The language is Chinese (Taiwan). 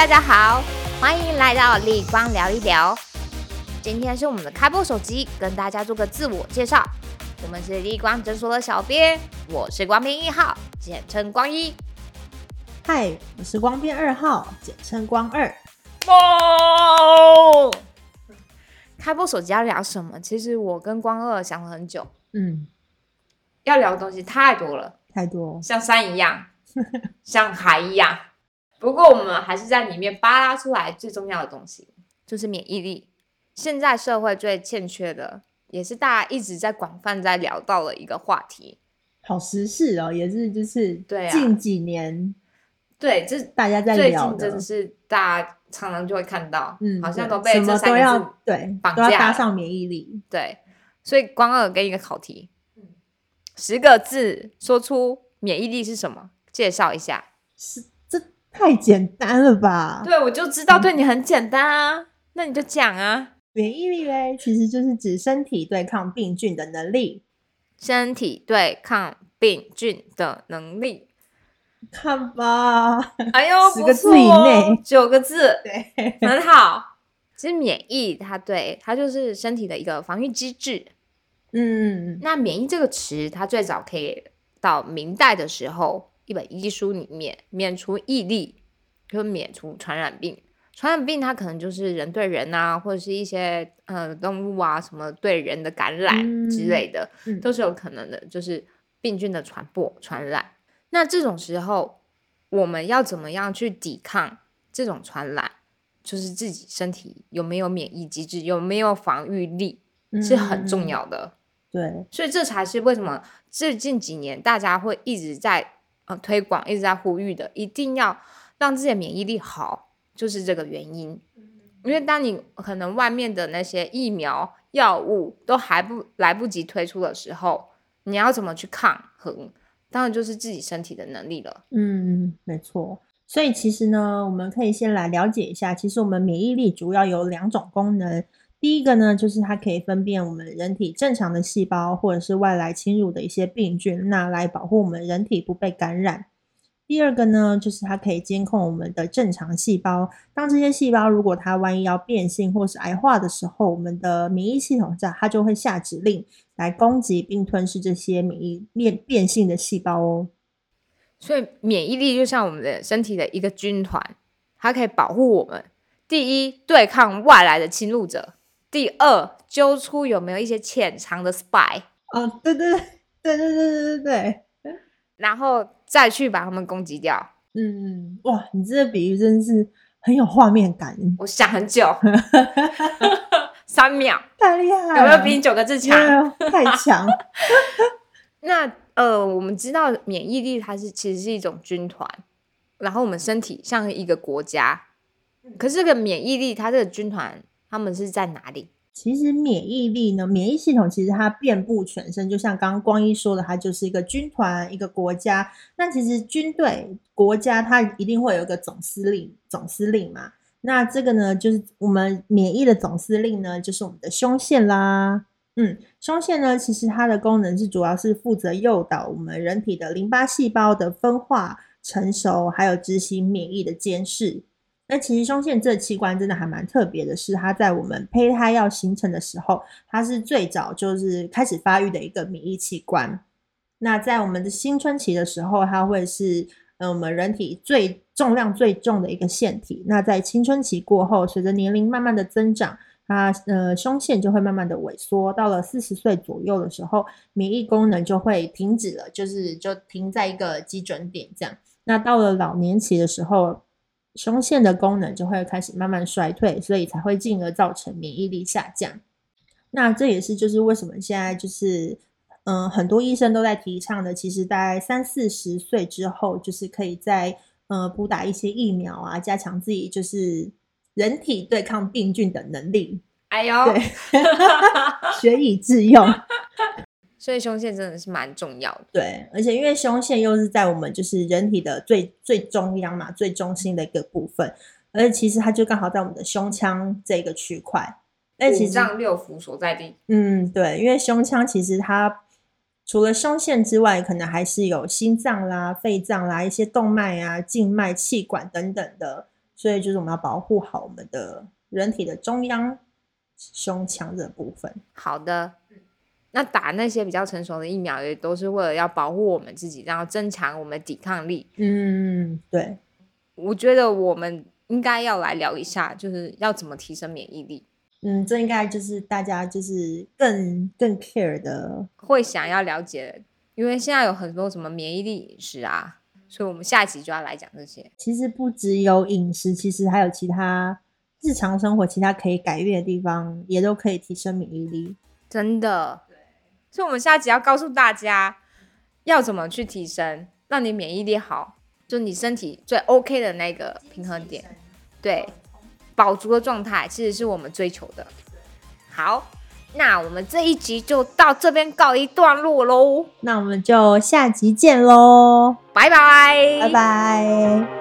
大家好，歡迎來到立光聊一聊。今天是我們的開播手機，跟大家做個自我介紹。我們是立光診所的小編，我是光編一號，簡稱光一。嗨，我是光編二號，簡稱光二。Oh! 開播手機要聊什麼？其實我跟光二想了很久，嗯，要聊的東西太多了，太多，像山一樣， 像海一樣。不過我們還是在裡面扒拉出來最重要的東西，就是免疫力，現在社會最欠缺的，也是大家一直在廣泛在聊到的一個話題，好時事哦，也是就是對近幾年，對，啊、對，這大家在聊的最近真的是大家常常就會看到，嗯，好像都被這三個字綁架了，什麼都要對，都要搭上免疫力，對，所以光二給你一個考題，嗯、十個字說出免疫力是什麼，介紹一下是。太簡單了吧？對，我就知道對你很簡單啊，嗯、那你就講啊。免疫力唄，其實就是指身體對抗病菌的能力。身體對抗病菌的能力，看吧。哎呦，十個字以內，九、哦、個字，對，很好。其實免疫它對它就是身體的一個防禦機制。嗯，那免疫這個詞，它最早可以到明代的時候。一本醫書裡面免除疫力，就是、免除傳染病。傳染病它可能就是人對人啊，或者是一些呃動物啊什麼對人的感染之類的，嗯、都是有可能的。就是病菌的傳播、傳染。那這種時候，我們要怎麼樣去抵抗這種傳染？就是自己身體有沒有免疫機制，有沒有防御力是很重要的。嗯、對，所以這才是為什麼最近幾年大家會一直在。嗯、推廣一直在呼籲的，一定要讓自己的免疫力好，就是這個原因。因為當你可能外面的那些疫苗、藥物都還不來不及推出的時候，你要怎麼去抗衡？當然就是自己身體的能力了。嗯嗯，沒錯。所以其實呢，我們可以先來了解一下，其實我們免疫力主要有兩種功能。第一個呢，就是它可以分辨我們人體正常的細胞，或者是外來侵入的一些病菌，那來保護我們人體不被感染。第二個呢，就是它可以監控我們的正常細胞，當這些細胞如果它萬一要變性或是癌化的時候，我們的免疫系統在它就會下指令來攻擊並吞噬這些免疫變變性的細胞哦。所以免疫力就像我們的身體的一個軍團，它可以保護我們。第一，對抗外來的侵入者。第二，揪出有沒有一些潛藏的 spy 哦，對對對對對對對，然後再去把他們攻擊掉。嗯，哇，你這個比喻真是很有畫面感，我想很久， 三秒，太厲害了，有沒有比你九個字強？太強廂。 那呃，我們知道免疫力它是其實是一種軍團，然後我們身體像一個國家，可是這個免疫力它這個軍團。他們是在哪裡？其實免疫力呢，免疫系統其實它遍佈全身，就像剛剛光一說的，它就是一個軍團、一個國家。那其實軍隊、國家它一定會有一個總司令，總司令嘛。那這個呢，就是我們免疫的總司令呢，就是我們的胸腺啦。嗯，胸腺呢，其實它的功能是主要是負責誘導我們人體的淋巴細胞的分化、成熟，還有執行免疫的監視。那其實胸腺這器官真的還蠻特別的，是它在我們胚胎要形成的時候，它是最早就是開始發育的一個免疫器官。那在我們的青春期的時候，它會是、呃、我們人體最重量最重的一個腺體。那在青春期過後，隨着年齡慢慢的增長，它呃胸腺就會慢慢的萎縮。到了四十歲左右的時候，免疫功能就會停止了，就是就停在一個基準點這樣。那到了老年期的時候。胸腺的功能就會開始慢慢衰退，所以才會進而造成免疫力下降。那這也是就是為什麼現在就是嗯、呃，很多醫生都在提倡的。其實，在三四十歲之後，就是可以再嗯、呃、補打一些疫苗啊，加強自己就是人體對抗病菌的能力。哎呦喲，對 學以致用。所以胸腺真的是蠻重要的，對，而且因為胸腺又是在我們就是人體的最最中央嘛，最中心的一個部分，而且其實它就剛好在我們的胸腔這個區塊，五臟六腑所在地。嗯，對，因為胸腔其實它除了胸腺之外，可能還是有心臟啦、肺臟啦、一些動脈啊、靜脈、氣管等等的，所以就是我們要保護好我們的人體的中央胸腔這部分。好的。那打那些比較成熟的疫苗，也都是為了要保護我們自己，然後增強我們的抵抗力。嗯，對。我覺得我們應該要來聊一下，就是要怎麼提升免疫力。嗯，這應該就是大家就是更更 care 的，會想要了解，因為現在有很多什麼免疫力飲食啊，所以我們下一集就要來講這些。其實不只有飲食，其實還有其他日常生活，其他可以改變的地方，也都可以提升免疫力。真的。所以，我們下集要告訴大家，要怎麼去提升，讓你免疫力好，就你身體最 OK 的那個平衡點，對，飽足的狀態，其實是我們追求的。好，那我們這一集就到這邊告一段落嘍，那我們就下集見嘍，拜拜 bye，拜拜。